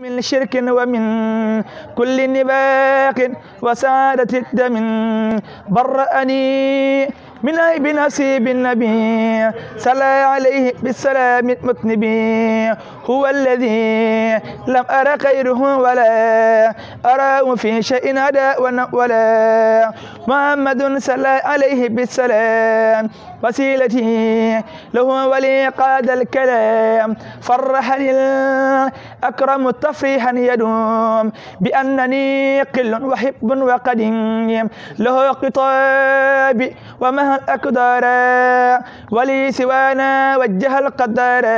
من شرك ومن كل نباق وسادة الدم برأني من أي بنصيب النبي صلى عليه بالسلام المتنبي هو الذي لم أرى خيره ولا أراه في شيء أداء ولا محمد صلى عليه بالسلام وسيلتي له ولي قاد الكلام فرحني الأكرم تفريحا يدوم بأنني قل وحب وقديم له قطاب ومهما الأقدار ولي سوانا وجه القدر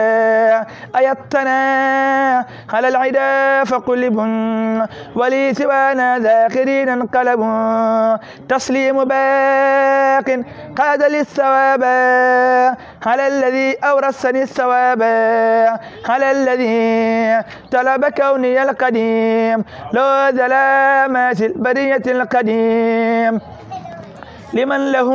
أيتنا على العدا فقلب ولي سوانا ذاخرين انقلب تسليم باق قاد للثواب على الذي أورثني الثواب على الذي طلب كوني القديم لو ماشي البرية القديم لمن له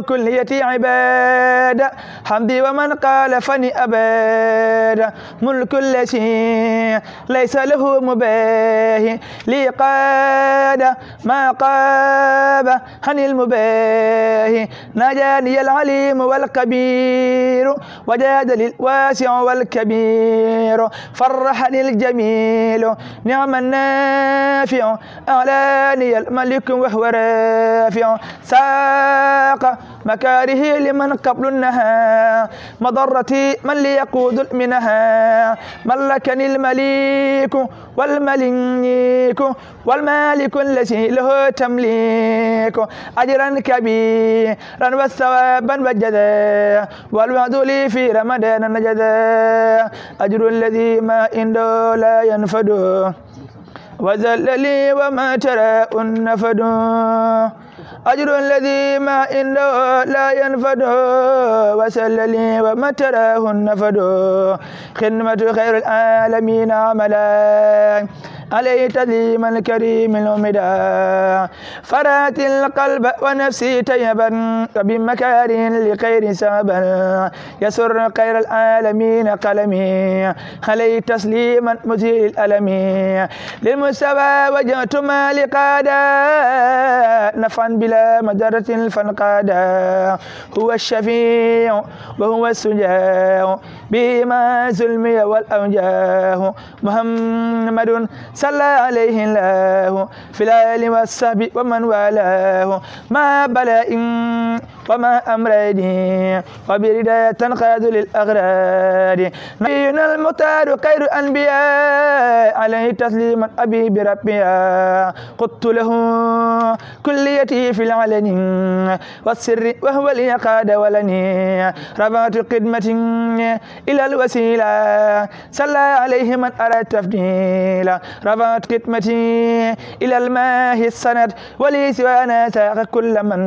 كلية عبادة حمدي ومن قال فني أبدا ملك كل شيء ليس له مباه لي قاد ما قاب عن المباه نجاني العليم والكبير وجاد الواسع والكبير فرحني الجميل نعم النافع أعلاني الملك وهو رافع ساق مكاره لمن قبل النهار مضرتي من ليقود منها ملكني المليك والمليك والمالك الذي له تمليك أجرا كبيرا والثواب وجدا والوعد لي في رمضان نجدا أجر الذي ما عنده لا ينفد وذل لي وما ترى النفد أجر الذي ما عنده لا ينفد وسل لي وما تراه النفد خدمة خير العالمين عملا علي تديم الكريم الأمدا فرات القلب ونفسي تيبا وبمكار لخير سببا يسر خير العالمين قلمي علي تسليما مزيل الألم للمستوى وجهت لقادا نفعا بلا مدرة فانقادا هو الشفيع وهو السجاع بما زلمي والأوجاه محمد صلى عليه الله في الآل والصحب ومن والاه ما بلاء وما أمرني وبرداية تنقاد للأغراض نبينا المتار خير أنبياء عليه تسليما أبي بربي قدت له كليتي في العلن والسر وهو لي قاد ولني ربات قدمة إلى الوسيلة صلى عليه من أرى التفديل ربات قدمة إلى الماهي السند ولي سوانا ساق كل من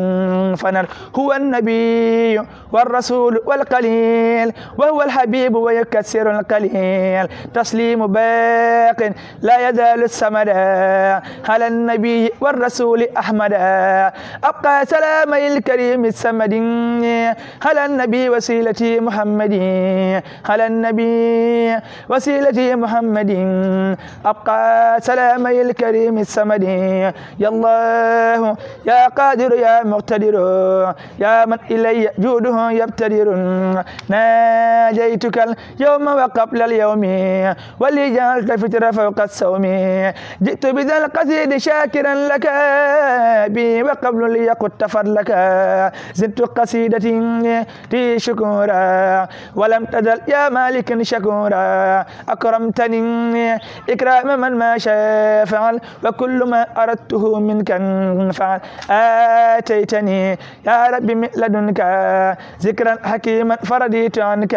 فنر هو والنبي والرسول والقليل وهو الحبيب ويكسر القليل تسليم باق لا يزال السمد على النبي والرسول أحمد أبقى سلام الكريم السمد على النبي وسيلتي محمد على النبي وسيلتي محمد أبقى سلام الكريم السمد يا الله يا قادر يا مقتدر يا من إلي جوده يبتدر ناجيتك اليوم وقبل اليوم جعلت الفتر فوق الصوم جئت بذا القصيد شاكرا لك بي وقبل قد تفر لك زدت قصيدتي تي شكورا ولم تزل يا مالك شكورا أكرمتني إكرام من ما شاء فعل وكل ما أردته منك فعل آتيتني يا رب من لدنك ذكرا حكيما فرديت عنك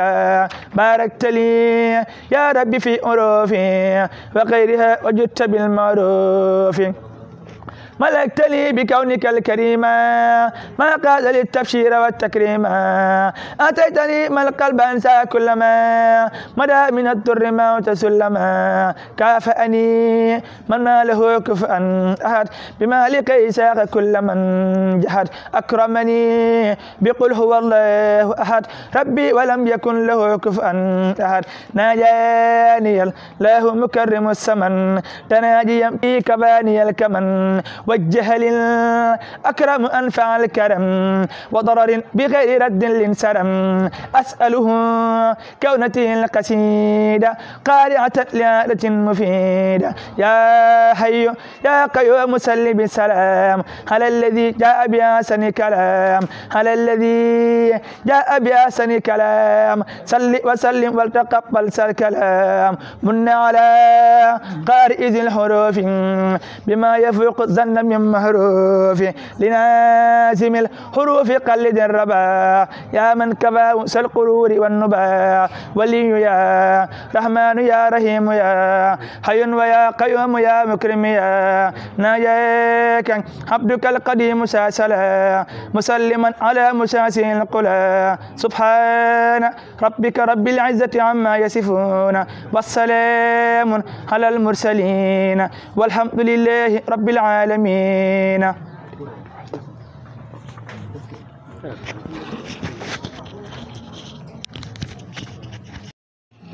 باركت لي يا ربي في أروفي وغيرها وجدت بالمعروف ملكتني بكونك الكريم ما قاد للتبشير والتكريم أتيتني ما القلب أنسى كلما مدى من الدر ما تسلما كافأني من ما له كفء أحد بمالك إساق كل من جحد أكرمني بقل هو الله أحد ربي ولم يكن له كفء أحد ناجاني الله مكرم السمن تناجيا في كباني الكمن والجهل أكرم أنفع الكرم وضرر بغير رد لنسرم أسأله كونتي القسيدة قارعة لآلة مفيدة يا حي يا قيوم سل بسلام على الذي جاء بأسن كلام على الذي جاء بأسن كلام سل وسلم والتقبل سل كلام من على قارئ ذي الحروف بما يفوق الظن أنت من محروف لنازم الحروف قلد الربا يا من كفى القرور والنبا ولي يا رحمن يا رحيم يا حي ويا قيوم يا مكرم يا ناجيك عبدك القديم ساسلا مسلما على مساسي القلا سبحان ربك رب العزة عما يصفون والسلام على المرسلين والحمد لله رب العالمين المسلمين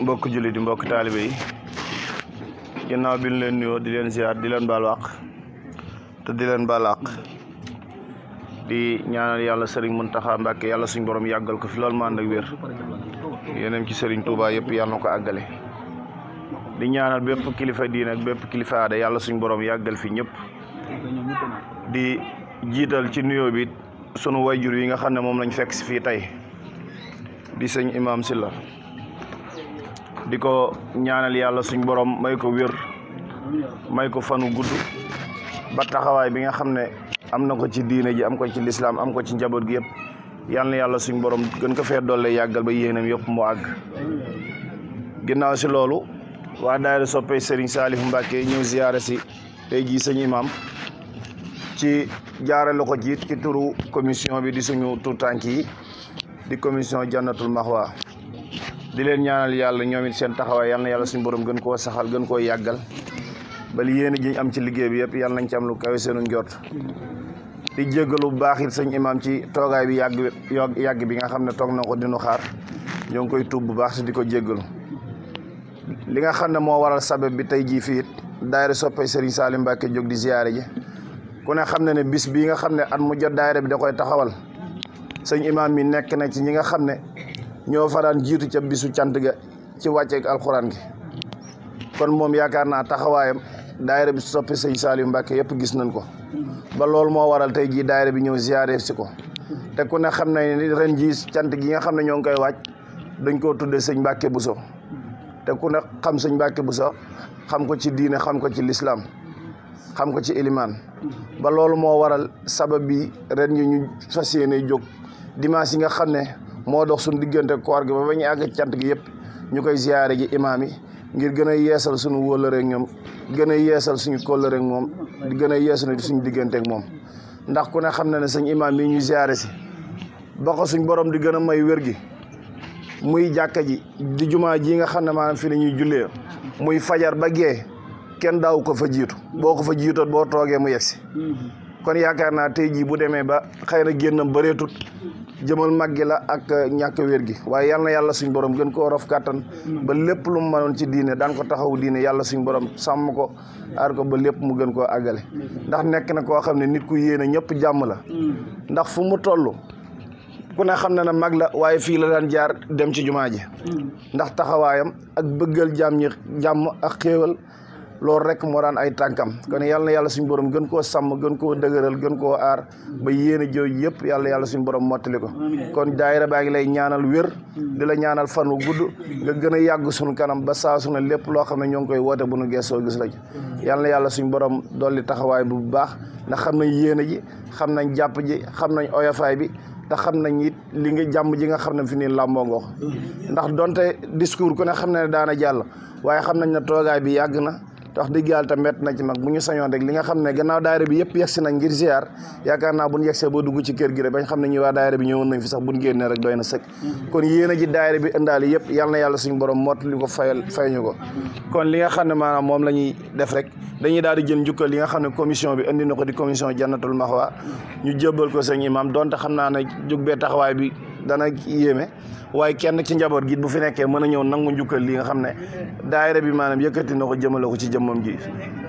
mbok juli di mbokk taalibe yi ginnaaw bi leen nuyo di leen ziar di leen baal wàq te di leen balak di ñaanal yalla serigne muntaha Mbàkke yalla suñu borom yagal ko fi lol ma ànd ak wér ci serigne Touba yëpp yalla na ko di ñaanal bépp kilifa diine ak bépp kilifa aada yalla suñu borom yagal fi di jiital ci nuyoo bi sunu wayjur yi nga xam ne moom lañ fekk si fii tey di sëñ Imaam si la di ko ñaanal yàlla suñ boroom may ko wér may ko fanu gudd ba taxawaay bi nga xam ne am na ko ci diine ji am ko ci lislaam am ko ci njaboot gi yëpp yal na yàlla suñ boroom gën ko fee dolle yàggal ba yéenam yëpp mu àgg ginnaaw si loolu waa daayira soppee Serigne Salif Mbacke ñëw ziyaare si tey jii sëñ Imaam ci jaaral ko jiit ci turu commission bi di suñu tuutànk yi di commission jannatul mahwa di len ñaanal yalla ñoom it seen taxawaay yalla na suñu borom gën ko saxal gën yagal ba li yéen jiñ am ci liggey bi yep yalla nañ ci am lu kawé seenu njort di jéggalu bu baax imam ci togaay bi yag yag bi nga xamne tok nako di nu xaar ñong koy tub bu baax ci diko jéggalu li nga xamne mo waral sabab bi tay ji fi it daayira Serigne Salim Mbacke jog di ziaré ji ku ne xam ne ne bis bii nga xam ne at mu jot daayira bi da koy taxawal sëñ imaam mi nekk na ci ñi nga xam ne ñoo faraan jiitu ca bisu cant ga ci wàcceeg alxuraan gi kon moom yaakaar naa taxawaayam daayira bi soppee sëñ Saliou Mbacke yëpp gis nañ ko ba loolu moo waral tey jii daayira bi ñëw ziare si ko te ku ne xam ne ni ren jii cant gi nga xam ne ñoo ngi koy wàcc dañ koo tudde sëñ Mbacke Bousso te ku ne xam sëñ Mbacke Bousso xam ko ci diine xam ko ci lislaam xam ko ci ilimaan ba loolu moo waral sabab bi ren yi ñu fas yéene jóg dimanche yi nga xam ne moo dox suñu diggante koor gi ba ba ñu àgg cant gi yëpp ñu koy ziyaare ji imaam yi ngir gën a yeesal suñu wóllëre ñoom gën a yeesal suñu kóllëre ak moom di gën a yeesal suñu diggante ak moom ndax ku ne xam na ne sëñ imaam yi ñu ziyaare si ba ko suñ borom di gën a may wér gi muy jàkka ji di jumaa ji nga xam ne maanaam fi la ñuy jullee muy fajar ba gee kenn daaw ko fa jiitu boo ko fa jiitoon boo toogee mu yegsi kon yaakaar naa tey jii bu demee ba xëy na génnam bëreetut jëmal mag la ak euh, ñàkk wér gi waaye yal na yàlla suñ borom gën koo rof kàttan ba lépp lu mu mënoon ci diine daan ko taxawu diine yàlla suñ borom sàmm ko aar ko ba lépp mu gën koo àggale ndax nekk na koo xam ne nit ku yéene ñëpp jàmm la ndax fu mu toll ku ne xam na ne mag la waaye fii la daan jaar dem ci jumaa ji ndax taxawaayam ak bëggal jàmm jàmm ak xéewal Lorek rek mo daan ay tankam kon yalla yalla suñu borom gën ko sam gën yep dëgëral gën ko ar ba yéen joy jooju yalla yalla suñu borom mottali ko kon daayira baa lay ñaanal wër dila ñaanal fan wu gudd nga gëna a suñu kanam ba saa su ne lépp loo xam koy wote bu nu gesso gis la ci yalla suñu borom dolli taxaway bu baax na xamna nañ yéene ji xamnañ japp ji xamnañ nañ bi da xamnañ nit li nga jàmm ji nga xam fini lambo ngo ndax donte discours ku ne xam daana jall waye xamnañ na togaay bi yagna wax dëgg yàlla tam mett na ci mag bu ñu sañoon rek li nga xam ne gannaaw daayira bi yëpp yegsi nañ ngir ziar yaakaar naa buñ yegsee boo dugg ci kër gi rek bañ xam ne ñu waa daayira yal na suñu borom moot li ko fay ñu kon li nga xam ne maanaam moom la ñuy def rek dañuy daal di jël njukkal li nga xam ne commission bi indi na ko di commission jannatul maxwa ñu jébbal ko sëñ imam donte xam naa ne jug bee taxawaay bi dana yéeme waaye kenn ci njaboot gi bu fi nekkee mën a ñëw nangu njukkal li nga xam ne daayira bi maanaam yëkkati na ko jëmale ko ci jëmmam ji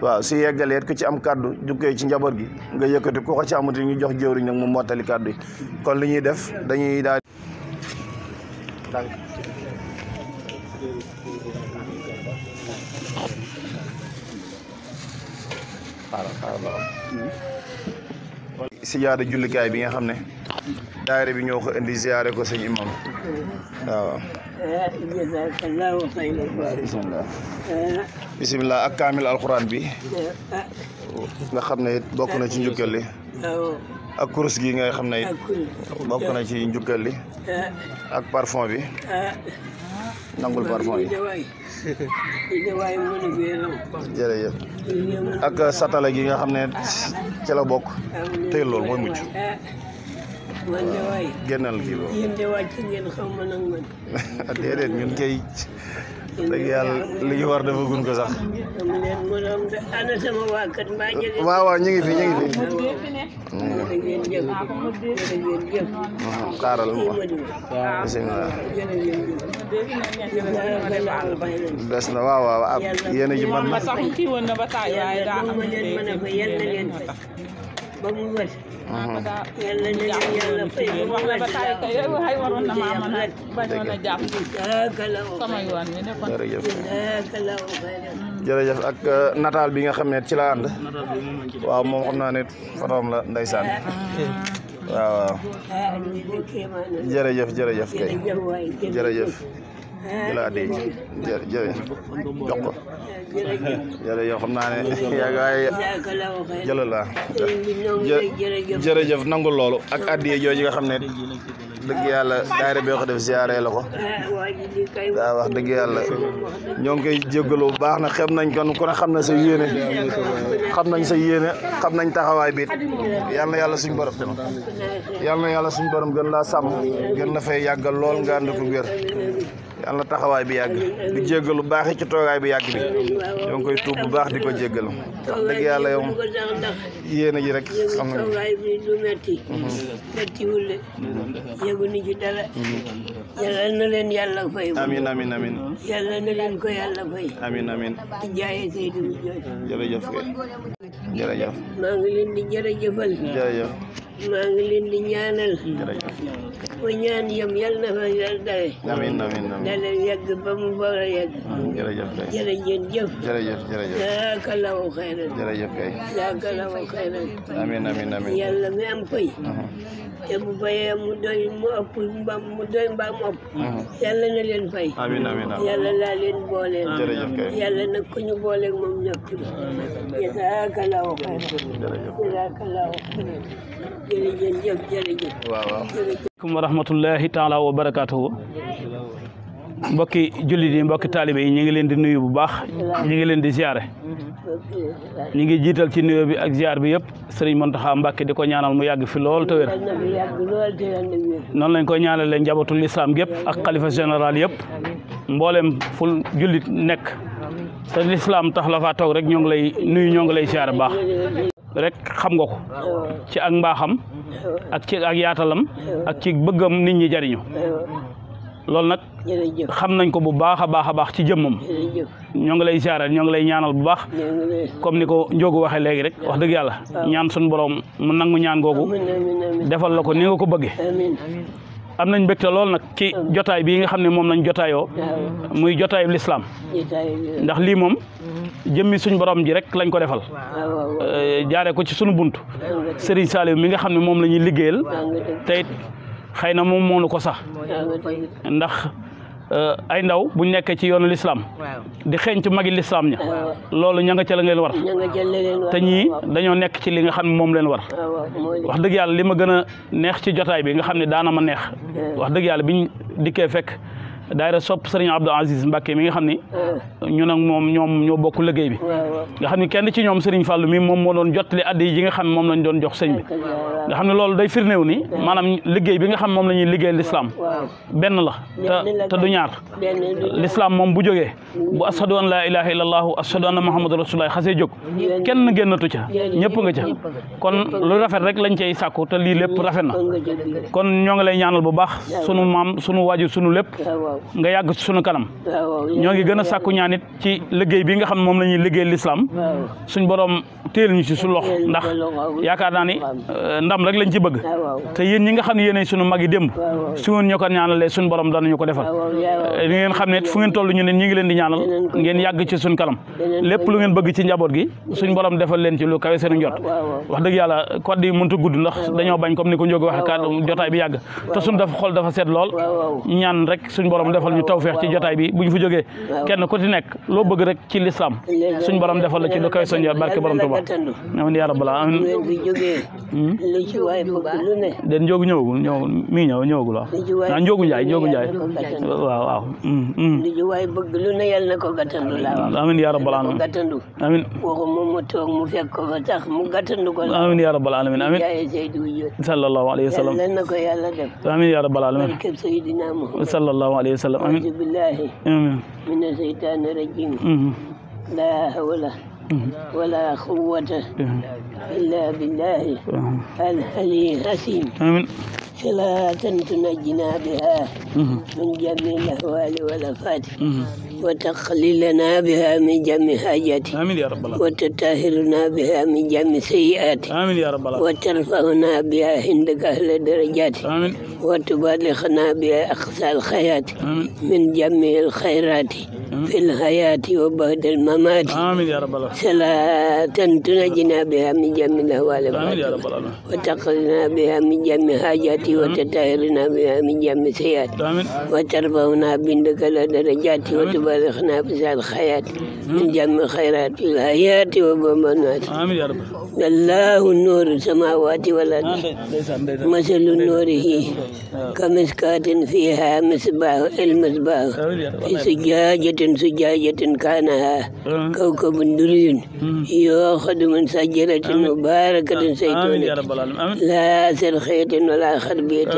waaw si yeggalee ku ci am kàddu jukkee ci njaboot gi nga yëkkati ku ko ci amati ñu jox jëwriñ nag mu mottali kaddu yi kon li ñuy def dañuy daal si jaada jullikaay bi nga xam ne daayira bi ñëw ko indi ziyaare ko sëñ imam waaw bisimilah bisimilah ak kaamil alquran bi nga xam ne it bokk na ci njukkal li ak kurus gi nga xam ne it bokk na ci njukkal li ak parfum bi nangul parfum yi ak satala gi nga xam ne ci la bokk tey loolu mooy mucc man de waay génnal kii boobu yéen de wàcc ngeen yàlla li ñu war dafa gun ko sax. ana sama waa kër mbaa njëriñ. waaw waaw ñu ngi fi ñu ngi fi. xaaral ma bisimilah. des na waaw waaw ab yéen ba mu wér. yàlla na leen yàlla fay ba mu wér waroon na maa mën a bañoon a jàpp sama yoon mi nekkoon. jërëjëf ak euh, nataal bi nga xam ne ci la ànd waaw moom xam naa ne fotoom la ndeysaan ah. waaw waaw ah, jërëjëf jërëjëf kay jërëjëf jëlaa di jë jëwe jox ko jërëjëf yow xam naa ne yaagaay jëlal la loolu ak addiye jooju nga xam ne dëgg yàlla daayira boo ko def la ko daa wax dëgg yàlla ñoo ngi koy bu baax na xem nañ kon ku ne xam na sa yéene xam nañ sa yéene xam nañ taxawaay biit yal na yàlla suñ borom yàlla suñ borom gën laa sàmm gën la fay yàggal lool nga ànd ko yàlla na taxawaay bi yàgg di jéggalu baax ci toogaay bi yàgg bi ñoo ngi koy tuub bu baax di ko jéggalu wax dëgg yàlla yow yéen a ji rek xam nga toogaay bi du metti mettiwul yëgu ni ci dara yàlla na leen yàlla fay amin amin amin yàlla na leen ko yàlla fay amin amin di jaayee Seydou bi jooju maa ngi leen di jërëjëfal maa ngi leen ñaanal bu ñaan yam yal na fa yal dawe amiin amiin ba mu war a yàgg jërëjëf kay jërëjëf jërëjëf jërëjëf jaaka lawu xayran jërëjëf kay jaaka lawu xayran amiin amiin amiin yàlla mi am pay te bu bayee mu doy waaw warahmatullahi taala wabarakatuh. barakatuhu mbokki jullit yi mbokki taalibe yi ñu ngi leen di nuyu bu baax ñu ngi leen di ziare ñu ngi jiital ci nuyoo bi ak ziar bi yëpp Mbacké ñaanal mu fi lool te lañ ak xalifa General yëpp mboolem ful jullit nek. te Islam tax la rek lay nuyu ñoo lay ziare baax rek xam nga ko ci ak mbaaxam ak ci ak yaatalam ak ci bëggam nit ñi jariñu loolu nag xam nañ ko bu baax a baax a baax ci jëmmam ñoo ngi lay ziaral ñoo ngi lay ñaanal bu baax comme ni ko Njóogu waxee léegi rek wax dëgg yàlla ñaan suñu borom mu nangu ñaan googu defal la ko ni nga ko bëgge am nañ mbégte lool nag ci mm. jotaay bii nga xam ne moom lañ jotaayoo mm. Mm. muy jotaayu lislaam ndax lii moom jëmmi suñ borom ji rek lañ ko defal euh, jaare ko ci suñu bunt Serigne Saliou mi nga xam ne moom la ñuy liggéeyal te xëy na moom moonu ko sax ndax ay ndaw bu nekkee ci yoonu lislaam di xeeñ ci magi lislaam ña loolu ña nga ca la ngeen war te ñii dañoo nekk ci li nga xam moom leen war wax dëgg yàlla li ma gën a neex ci jotaay bi nga xam ne daana ma neex eh. wax dëgg yàlla biñ dikkee fekk daayira sopp sëriñ Abdou Aziz Mbacke mi nga xam ni ñun ak moom ñoom ñoo bokk liggéey bi nga xam ni kenn ci ñoom sëriñ Fallou mii moom moo doon jottali addi yi nga xam moom lañ doon jox sëñ bi nga xam ne loolu day firndewu ni maanaam liggéey bi nga xam moom la ñuy liggéey lislaam benn la te te du ñaar lislaam moom bu jógee bu ashadu an laa ilaha illa allahu ashadu anna muhammadu rasulullah xasee jóg kenn génnatu ca ñëpp nga ca kon lu rafet rek lañ cay sàkku te lii lépp rafet na kon ñoo ngi lay ñaanal bu baax sunu maam sunu waajur sunu lépp nga yag ci sunu kanam ñoo ngi gëna sakku ñaanit ci liggey bi nga xam mom lañuy liggey l'islam suñu borom teel ñu ci su lox ndax yaakaar naa ni euh, ndam rek lañ ci bëgg te yeen ñi nga xam ne yéenay sunu mag yi su ngeen suñu borom dañu ko defal euh, li ngeen xam ne fu ngeen tollu ñu ne ñi ngi leen di ñaanal ngeen yag ci sunu kanam lepp lu ngeen bëgg ci njaboot gi suñu borom defal leen ci lu kawé seen njott wax dëgg yàlla koddi muntu gudd ndax dañoo bañ comme ni ko wax ka jotay bi yag te suñu dafa xol dafa set lool ñaan rek suñu borom borom defal ñu tawféex ci jotaay bi bu ñu fa jógee kenn ku ci nekk loo bëgg rek ci lislaam suñ borom defal la ci lu koy soññee barke borom Tuuba amin yaa rabbal alamin den njóogu hmm? ñëwagul ñëw mi ñëw ñëwagul waaw ah njóogu njaay njóogu njaay waaw waaw amin yaa rabbal alamin amin amin yaa rabbal alamin amin sallallahu alayhi wa sallam amin yaa rabbal alamin عليه وسلم اعوذ بالله امين من الشيطان الرجيم لا حول ولا قوة إلا بالله العلي الحسين آمين صلاة تنجينا بها من جميع الأهوال والأفات لنا بها من جميع حاجات آمين يا رب العالمين وتطهرنا بها من جميع سيئات آمين يا رب العالمين وترفعنا بها عندك أهل الدرجات آمين وتبلغنا بها أقصى الخيرات آمين من جميع الخيرات في الحياة وبعد الممات آمين يا رب العالمين صلاة تنجنا بها من جميع الأهوال آمين يا رب العالمين وتقلنا بها من جميع حاجاتي وتطهرنا بها من جميع سيئات آمين وترفعنا بندك درجات وتبارخنا في الحياة من جميع خيرات الحياة وبمنات آمين يا رب الله النور السماوات والأرض مثل نوره كمسكات فيها مصباح المصباح في سجاجة زجاجة كانها أه. كوكب دري يؤخذ من سجرة مباركة زيتونة لا أثر خيط ولا خربية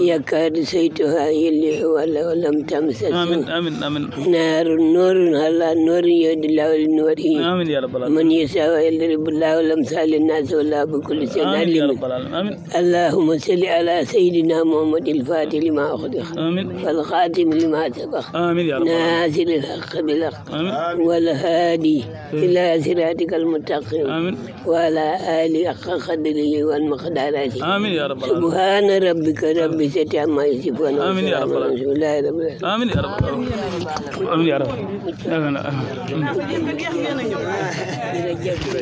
يكاد زيتها يلح ولم تمسس آمين آمين آمين نار النور هلا نور يد الله لنوره آمين يا رب العالمين من يسعى يضرب الله الأمثال للناس ولا بكل شيء آمين يا رب العالمين اللهم صل على سيدنا محمد الفاتح لما أخذ آمين والخاتم لما سبق آمين يا رب العالمين بالحق بالحق هادي إلى صراطك المتقين آمين وعلى آل حق قدره والمقدارات آمين يا رب العالمين سبحان ربك رب العزة عما يصفون آمين يا رب العالمين آمين يا رب العالمين آمين يا رب العالمين